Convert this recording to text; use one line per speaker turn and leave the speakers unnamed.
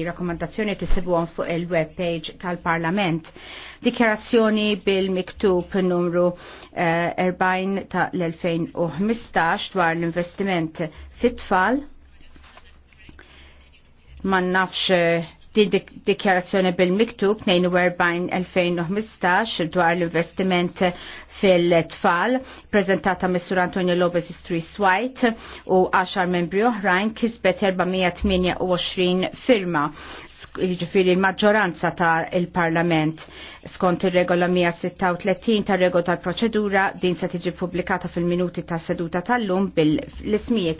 il Rakkomandazzjoni għon fuq il-web page tal-Parlament. Dikjarazzjoni bil-miktub numru 40 eh, ta' l-2015 dwar l-investiment fit-tfal. Ma nafx eh, din dikjarazzjoni bil-miktub 42-2015 dwar l-investiment fil-tfal prezentata Missur Antonio Lopez Street White u 10 membri oħrajn kisbet 428 firma ġifiri maġġoranza ta' il-Parlament. Skont il-regola 136 ta' regola tal-proċedura din se tiġi pubblikata fil-minuti ta' seduta tal-lum
bil-ismijiet